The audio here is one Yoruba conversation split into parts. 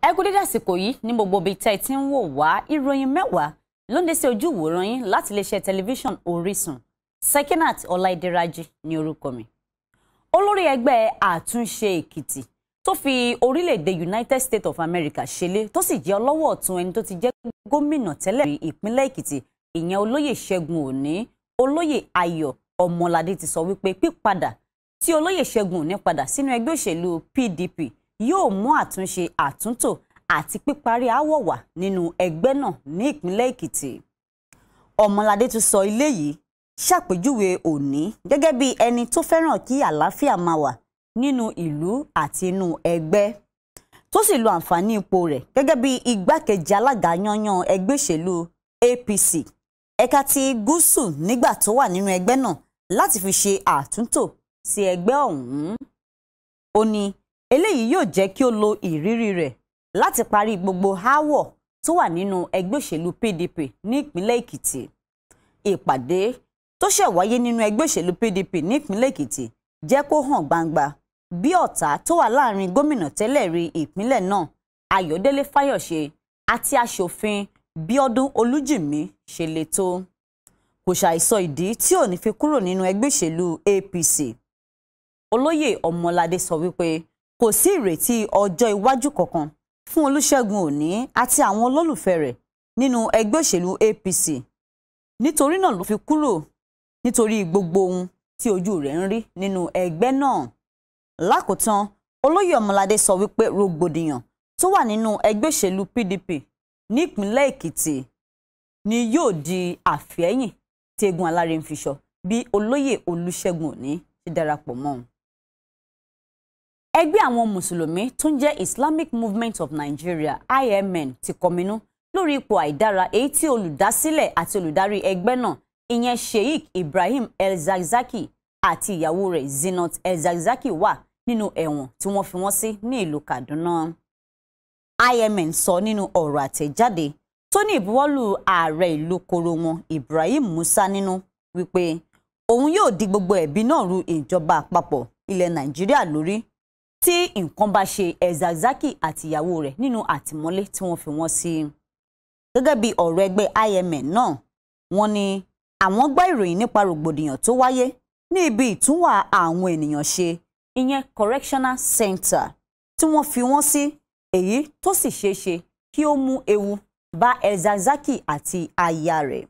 ẹ kú dédé àsìkò yìí ní gbogbo ibi tẹ́ ẹ ti ń wò wá ìròyìn mẹ́wàá ló ń dé sí ojú ìwòran yín láti iléeṣẹ́ tẹlifíṣàn Orísun Sekinat Ọláìdíraji ní orúkọ mi olórí ẹgbẹ́ àtúnṣe Èkìtì tó fi orílẹ̀-èdè United States of America ṣẹlẹ̀ tó sì jẹ́ ọlọ́wọ́ ọ̀tún ẹni tó ti jẹ́ gómìnà tẹ́lẹ̀ rí ìpínlẹ̀ Èkìtì ìyẹn olóyè Ṣẹ́gun Òní olóyè Ayọ̀ Ọmọládé ti sọ wípé pípadà tí olóyè Ṣẹ́gun Òní padà sínú ẹgbẹ́ òṣèlú PDP yóò mú àtúnṣe àtúntò àti píparí aáwọ̀ wà nínú ẹgbẹ́ náà ní ìpínlẹ̀ Èkìtì Ọmọládé tún sọ ilé yìí ṣàpèjúwe òní gẹ́gẹ́ bí ẹni tó fẹ́ràn kí àlàáfíà máa wà nínú ìlú àti inú ẹgbẹ́ tó sì lo àǹfààní ipò rẹ̀ gẹ́gẹ́ bí igbákejì alága yanyan ẹgbẹ́ ìṣèlú APC ẹ̀ka ti gúúsù nígbà tó wà nínú ẹgbẹ́ náà láti fi ṣe àtúntò sí ẹgbẹ́ ọ̀hún ó ní eléyìí yóò jẹ́ kí ó lo ìrírí rẹ̀ láti parí gbogbo aáwọ̀ tó wà nínú ẹgbẹ́ òṣèlú PDP ní ìpínlẹ̀ Èkìtì ìpàdé tó ṣẹ̀ wáyé nínú ẹgbẹ́ òṣèlú PDP ní ìpínlẹ̀ Èkìtì jẹ́ kó hàn gbangba bí ọ̀tá tó wà láàrin gómìnà tẹ́lẹ̀ rí ìpínlẹ̀ náà Ayọ̀délé Fáyọ̀ṣe àti aṣòfin Bíọ́dún Olújìmí ṣe le tó kò ṣàìsọ ìdí tí ò ní fi kúrò nínú ẹgbẹ́ òṣèlú APC Olóyè Ọmọládé sọ wípé kò sí ìrètí ọjọ́ iwájú kankan fún Olúṣẹ́gun Òní àti àwọn olólùfẹ́ rẹ̀ nínú ẹgbẹ́ òṣèlú APC nítorí náà ló fi kúrò nítorí gbogbo ohun tí ojú rẹ̀ ń rí nínú ẹgbẹ́ náà lákòótán olóyè Ọmọládé sọ wípé rògbòdìyàn tó wà nínú ẹgbẹ́ òṣèlú PDP nípínlẹ̀ Èkìtì ni yóò di àfẹ́yìn tí egun aláre ń fi sọ bí olóyè Olúṣẹ́gun Òní ti darapọ̀ mọ́ òun ẹgbẹ́ àwọn mùsùlùmí tó ń jẹ́ Islamic Movement of Nigeria IMN ti kọminú lórí ipò àìdára èyí tí olùdásílẹ̀ àti olùdarí ẹgbẹ́ náà ìyẹn Sheikh Ibrahim Elzazaki zakzaki àti ìyàwó rẹ̀ Zinat El-Zakzaki wà nínú ẹ̀wọ̀n tí wọ́n fi wọ́n sí ní ìlú Kaduna IMN sọ nínú ọ̀rọ̀ àtẹ̀jáde tó ní ìbuwọ́lù ààrẹ ìlú koro wọn Ibrahim Musa nínú wípé òun yóò di gbogbo ẹ̀bi náà ru ìjọba àpapọ̀ ilẹ̀ Nàìjíríà lórí tí nǹkan bá ṣe Ezazaki àti ìyàwó rẹ̀ nínú àtìmọ́lé tí wọ́n fi wọ́n sí. gẹ́gẹ́ bí ọ̀rọ̀ ẹgbẹ́ IMN náà wọ́n ní àwọn gbọ́ ìròyìn nípa rògbòdìyàn tó wáyé ní ibi ìtúnwà àwọn ènìyàn ṣe ìyẹn correctional center tí wọ́n fi wọ́n sí èyí tó sì ṣeé ṣe kí ó mú ewu bá Ezazaki àti aya rẹ̀.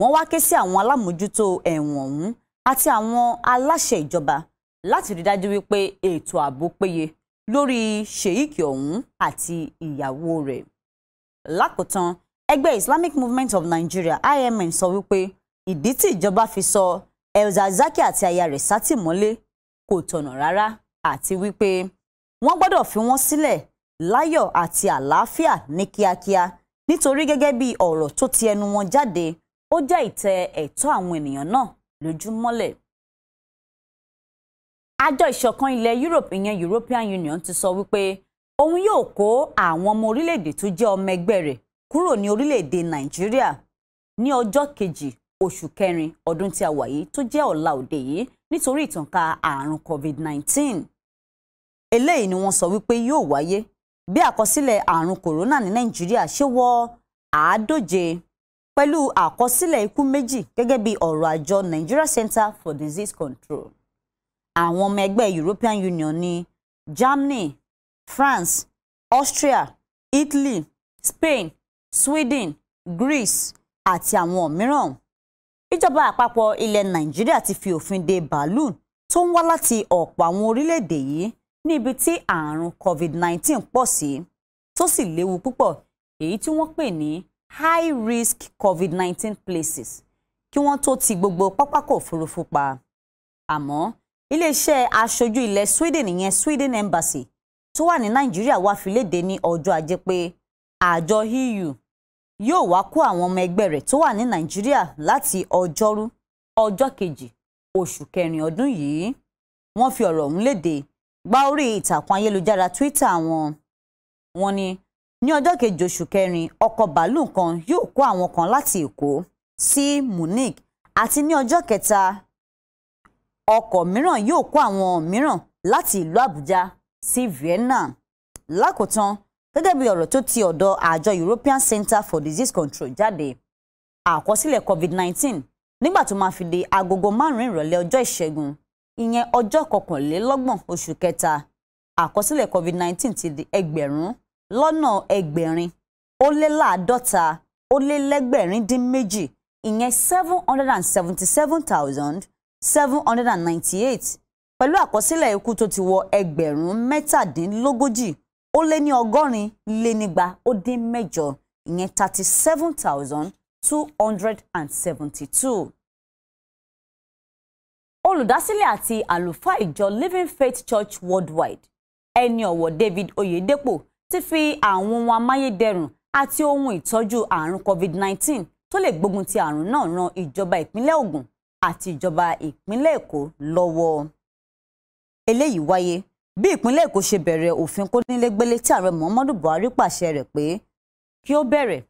wọ́n wá ké sí àwọn alámòójútó ẹ̀wọ̀n ọ̀hún àti àwọn aláṣẹ ìjọba láti rí dájú wípé ètò ààbò péye lórí Sheikh ọ̀hún àti ìyàwó rẹ̀. lákòótán ẹgbẹ́ Islamic Movement of Nigeria IMN sọ wípé ìdí tí ìjọba fi sọ Elzazaki àti aya rẹ̀ sátìmọ́lé kò tọ̀nà rárá àti wípé wọ́n gbọ́dọ̀ fi wọ́n sílẹ̀ láyọ̀ àti àlàáfíà ní kíákíá nítorí gẹ́gẹ́ bí ọ̀rọ̀ tó ti ẹnu wọn jáde ó jẹ́ ìtẹ̀ ẹ̀tọ́ àwọn ènìyàn náà lójúmọ́lẹ̀ àjọ ìṣọ̀kan ilẹ̀ Europe ìyẹn European Union ti sọ wípé òun yóò kó àwọn ọmọ orílẹ̀-èdè tó jẹ́ ọmọ ẹgbẹ́ rẹ̀ kúrò ní orílẹ̀-èdè Nàìjíríà ní ọjọ́ kejì oṣù kẹrin ọdún tí a wà yìí tó jẹ́ ọ̀la òde yìí nítorí ìtànká ààrùn COVID-19 eléyìí ni wọ́n sọ wípé yóò wáyé bí àkọsílẹ̀ ààrùn kòrónà ní Nàìjíríà ṣe wọ àádóje pẹ̀lú àkọsílẹ̀ ikú méjì gẹ́gẹ́ bí ọ̀rọ̀ àjọ Nigeria Center for Disease Control àwọn ọmọ ẹgbẹ́ European Union ní Germany France Austria Italy Spain Sweden Greece àti àwọn mìíràn ìjọba àpapọ̀ ilẹ̀ Nàìjíríà ti fi òfin de bàálù tó ń wá láti ọ̀pọ̀ àwọn orílẹ̀-èdè yìí ní tí àrùn COVID-19 pọ̀ sí tó sì léwu púpọ̀ èyí tí wọ́n pè ní high risk COVID-19 places kí wọ́n tó ti gbogbo pápákọ̀ òfurufú pa àmọ́ iléeṣẹ́ aṣojú ilẹ̀ Sweden ìyẹn Sweden Embassy tó wà ní Nàìjíríà wá fi léde ní ọjọ́ ajé pé àjọ EU yóò wá kó àwọn ọmọ ẹgbẹ́ rẹ̀ tó wà ní Nàìjíríà láti ọjọ́rú ọjọ́ kejì oṣù kẹrin ọdún yìí wọ́n fi ọ̀rọ̀ ọ̀hún léde gba orí ìtàkùn ayélujára Twitter wọn wọ́n ní ní ọjọ́ kejì oṣù kẹrin ọkọ̀ bàálù kan yóò kó àwọn kan láti Èkó sí Munich àti ní ọjọ́ kẹta ọkọ̀ mìíràn yóò kó àwọn mìíràn láti ìlú Àbújá sí Vienna lákòótán gẹ́gẹ́ bí ọ̀rọ̀ tó ti ọ̀dọ̀ àjọ European Center for Disease Control jáde àkọsílẹ̀ COVID-19 nígbà tó máa fi di agogo márùn-ún ìrọ̀lẹ́ ọjọ́ ìṣẹ́gun ìyẹn ọjọ́ kọkànlélọ́gbọ̀n oṣù kẹta àkọsílẹ̀ COVID-19 ti di ẹgbẹ̀rún lọ́nà ẹgbẹ̀rin ó lé láàádọ́ta ó lé lẹ́gbẹ̀rin dín méjì ìyẹn seven hundred and seventy seven thousand seven hundred and ninety-eight pẹ̀lú àkọsílẹ̀ ikú tó ti wọ ẹgbẹ̀rún mẹ́tàdínlógójì ó lé ní ọgọ́rin lé nígba ó dín mẹ́jọ ìyẹn thirty seven thousand two hundred and seventy-two. olùdásílẹ̀ àti àlùfáà ìjọ Living Faith Church Worldwide ẹni ọ̀wọ̀ David Oyedepo ti fi àwọn ohun amáyédẹrùn àti ohun ìtọ́jú àrùn covid nineteen. tó lè gbógun ti àrùn náà ran ìjọba ìpínlẹ̀ Ògùn àti ìjọba ìpínlẹ̀ Èkó lọ́wọ́ eléyìí wáyé bí ìpínlẹ̀ Èkó ṣe bẹ̀rẹ̀ òfin kónílégbélé tí ààrẹ Muhammadu Buhari pàṣẹ rẹ̀ pé kí ó bẹ̀rẹ̀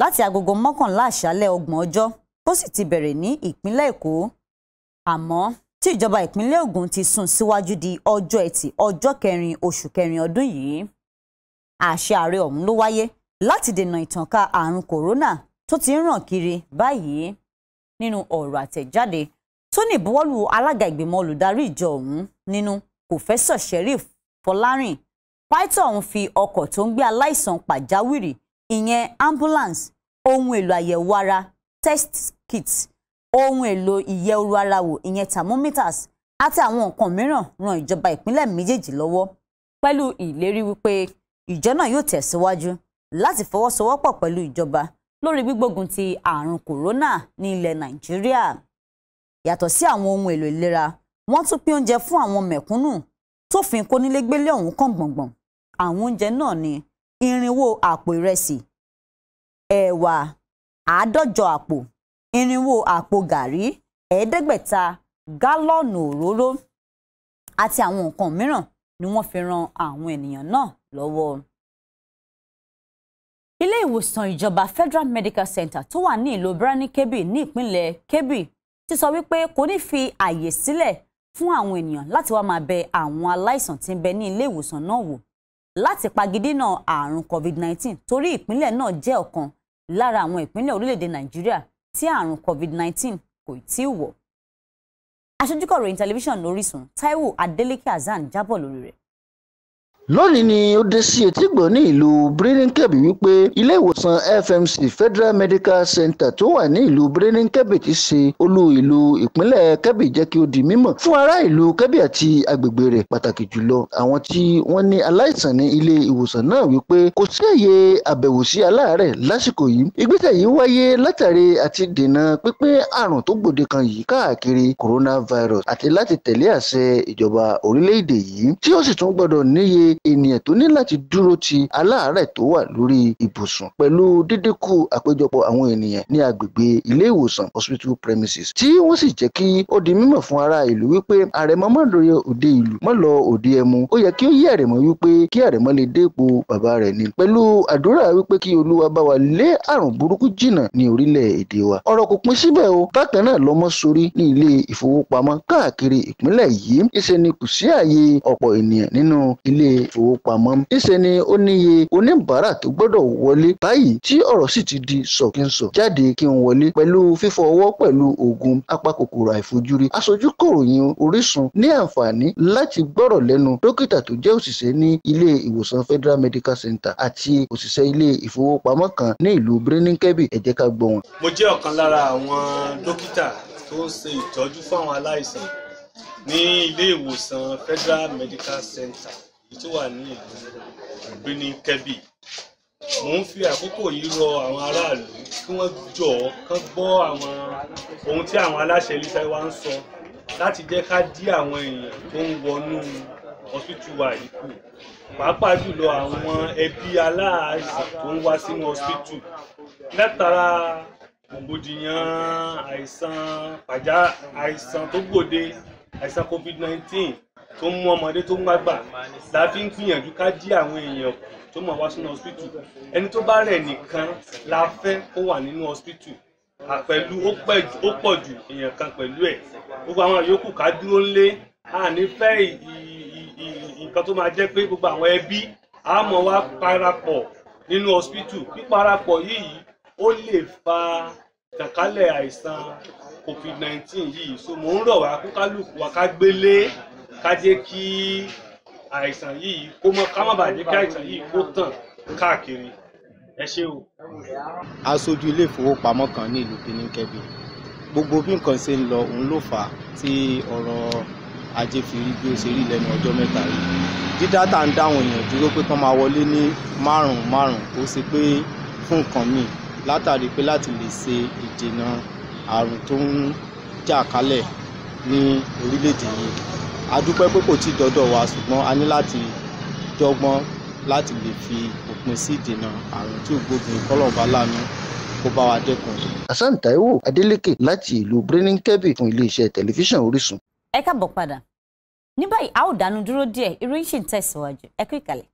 láti agogo mọ́kànlá àṣálẹ́ ọgbọ̀n ọjọ́ tó sì ti bẹ̀rẹ̀ ní ìpínlẹ̀ Èkó àmọ́ tí ìjọba ìpínlẹ̀ Ògùn ti sún síwájú di ọjọ́ ẹtì ọjọ́ kẹrin oṣù kẹrin ọdún yìí àṣẹ ààrẹ ọ̀hún ló wáyé láti dènà ìtànká àrùn kòrónà tó ti ń ràn kiri báyìí nínú ọ̀rọ̀ àtẹ̀jáde tó ní ìbuwọ́lù alága ìgbìmọ̀ olùdarí ìjọ ọ̀hún nínú pòfẹ́sọ̀ sheriff fọlárìn pító ọ̀hún fi ọkọ̀ tó ń gbé aláìsàn pàjáwìrì ìyẹn ambulance ohun èlò àyẹ̀wò ara test kits ohun èlò ìyẹ̀ oru ara wò ìyẹn thermometers àti àwọn nǹkan mìíràn ran ìjọba ìpínlẹ̀ méjèèjì lọ́wọ́ pẹ̀lú ìlérí wípé ìjọ náà yóò tẹ̀síwájú láti fọwọ́sowọ́pọ̀ pẹ̀lú ìjọba lórí gbígbógun ti àrùn kòrónà ní ilẹ̀ nàìjíríà yàtọ̀ sí àwọn ohun èlò ìlera wọ́n tún pín oúnjẹ fún àwọn mẹ̀kúnnù tófin kónílégbélé ọ̀hún kàn gbọ̀ngbọ̀n àwọn oúnjẹ náà ni irinwó àpò ìrẹsì ẹ̀wà àádọ́jọ àpò irinwó àpò gàrí ẹ̀ẹ́dẹ́gbẹ̀ta gálọ́ọ̀nù òróró àti àwọn nǹkan mìíràn ni wọ́n fi ran àwọn ènìyàn náà lọ́wọ́ ilé ìwòsàn ìjọba Federal Medical Center tó wà ní ìlú Birani Kebbi ní ìpínlẹ̀ Kebbi ti sọ wípé kò ní fi àyè sílẹ̀ fún àwọn ènìyàn láti wá máa bẹ àwọn aláìsàn tí ń bẹ ní ilé ìwòsàn náà wò láti pagidínà àrùn COVID-19 torí ìpínlẹ̀ náà jẹ́ ọ̀kan lára àwọn ìpínlẹ̀ orílẹ̀-èdè Nàìjíríà tí àrùn COVID-19 kò tí ì wọ̀. aṣojúkọ̀ròyìn tẹlifíṣàn Orísun Táíwò adeleke Hasan jábọ̀ lórí rẹ̀ lónìí ni ó dé sí etígbò ní ìlú birnin-kebbi wípé ilé ìwòsàn FMC Federal Medical Center tó wà ní ìlú birnin-kebbi ti ṣe olú ìlú ìpínlẹ̀ kebbi jẹ́ kí ó di mímọ̀ fún ará ìlú kebbi àti agbègbè rẹ̀ pàtàkì jùlọ àwọn tí wọ́n ní aláìsàn ní ilé ìwòsàn náà wípé kò sí àyè àbẹ̀wò sí aláàárẹ̀ lásìkò yìí ìgbésẹ̀ yìí wáyé látàrí àti dènà pípín àrùn tó gbòde kan yìí káàkiri coronavirus àti láti tẹ̀lé àṣẹ ìjọba orílẹ̀-èdè yìí tí ó sì tún gbọ́dọ̀ ènìyàn tó ní láti dúró ti aláàárẹ̀ tó wà lórí ibùsùn pẹ̀lú dídínkù àpéjọpọ̀ àwọn ènìyàn ní agbègbè ilé ìwòsàn hospital premises tí wọ́n sì jẹ́ kí ó di mímọ̀ fún ará ìlú wípé àrẹ̀mọ má lọ òde ìlú má lọ òde ẹmu ó yẹ kí ó yí àrẹ̀mọ wípé kí àrẹ̀mọ lè dé ipò bàbá rẹ̀ ni pẹ̀lú àdúrà wípé kí olúwa bá wa lé àrùn burúkú jìnà ní orílẹ̀-èdè wa ọ̀rọ̀ kò pin síbẹ̀ o bákan náà lọ́mọ sorí ní ilé ìfowópamọ́ káàkiri ìpínlẹ̀ yìí ìṣe ni kò sí ààyè ọ̀pọ̀ ènìyàn nínú ilé owó pamọ́. níṣẹ́ ni ó níye oníbàárà tó gbọ́dọ̀ wọlé báyìí tí ọ̀rọ̀ sì ti di sọ̀kínsọ̀ jáde kí n wọlé pẹ̀lú fífọwọ́ pẹ̀lú oògùn apakòkòrò àìfojúrí. aṣojú kòròyìn Orísun ní àǹfààní láti gbọ́rọ̀ lẹ́nu dókítà tó jẹ́ òṣìṣẹ́ ní ilé ìwòsàn Federal Medical Center àti òṣìṣẹ́ ilé ìfowópamọ́ kan ní ìlú Birnin-Kebbi ẹ jẹ́ ká gbọ́ wọn. mo jẹ́ ọ̀kan lára àwọn dókítà tó ń ṣe ìtọ́jú fáwọn aláìsàn ní ilé ìwòsàn Federal Medical Center tó wà ní ìlú Birnin Kebbi mò ń fi àkókò yìí rọ àwọn aráàlú kí wọ́n jọ̀ kán gbọ́ àwọn ohun tí àwọn aláṣẹ iléeṣẹ́ wa ń sọ láti jẹ́ ká dí àwọn èèyàn tó ń wọnú ọsítù wa yìí kù pàápàá jùlọ àwọn ẹbí aláàṣì tó ń wá sínú ọsítù látara rògbòdìyàn àìsàn pàjá àìsàn tó gbòde àìsàn COVID-19 tó ń mú ọmọdé tó ń gbàgbà la fi ń gbìyànjú ká dí àwọn èèyàn kù tó mọ̀ wá sínú hospital ẹni tó bá rẹ̀ nìkan la fẹ́ kó wà nínú hospital àpẹ̀lú ó pọ̀ jù èèyàn kan pẹ̀lú ẹ̀ gbogbo àwọn yòókù ká dúró ńlé a ní fẹ́ nǹkan tó máa jẹ́ pé gbogbo àwọn ẹbí a mọ̀ wá parapọ̀ nínú hospital píparapọ̀ yìí ó lè fa kàkálẹ̀ àìsàn covid nineteen yìí so mò ń rọ̀ wá kó kálukú wa ká gbélé ká jẹ́ kí àìsàn yìí kó mọ ká má bàa jẹ́ kí àìsàn yìí kó tàn káàkiri ẹ ṣé o. aṣojú ilé ìfowópamọ́ kan ní ìlú benin kebbi gbogbo bí nǹkan ṣe ń lọ òun ló fà á tí ọ̀rọ̀ ajé fi rí bí ó ṣe rí lẹ́nu ọjọ́ mẹ́ta yìí dídá à ń dáwọn èèyàn dúró pé kán máa wọlé ní márùn-ún márùn-ún ó ṣe pé fún nǹkan míì látàrí pé láti lè ṣe ìdènà àrùn tó ń jà kálẹ̀ ní orílẹ̀-èdè yìí a dúpẹ́ pé kò tí dọ́dọ̀ wa ṣùgbọ́n a ní láti dọ́gbọ́n láti lè fi òpin sí ìdènà àrùn tí ò gbógun kọ́lọ̀ọ̀bá láàánú kó bá wa dẹ́kun. hasan taiwo adeleke láti ìlú birnin kebbi fún iléeṣẹ́ tẹlifíṣàn orísun. ẹ káàbọ̀ padà ní báyìí a ó dánu dúró díẹ̀ ìròyìn ṣì ń tẹ̀síwájú ẹ kú ìkàlẹ̀.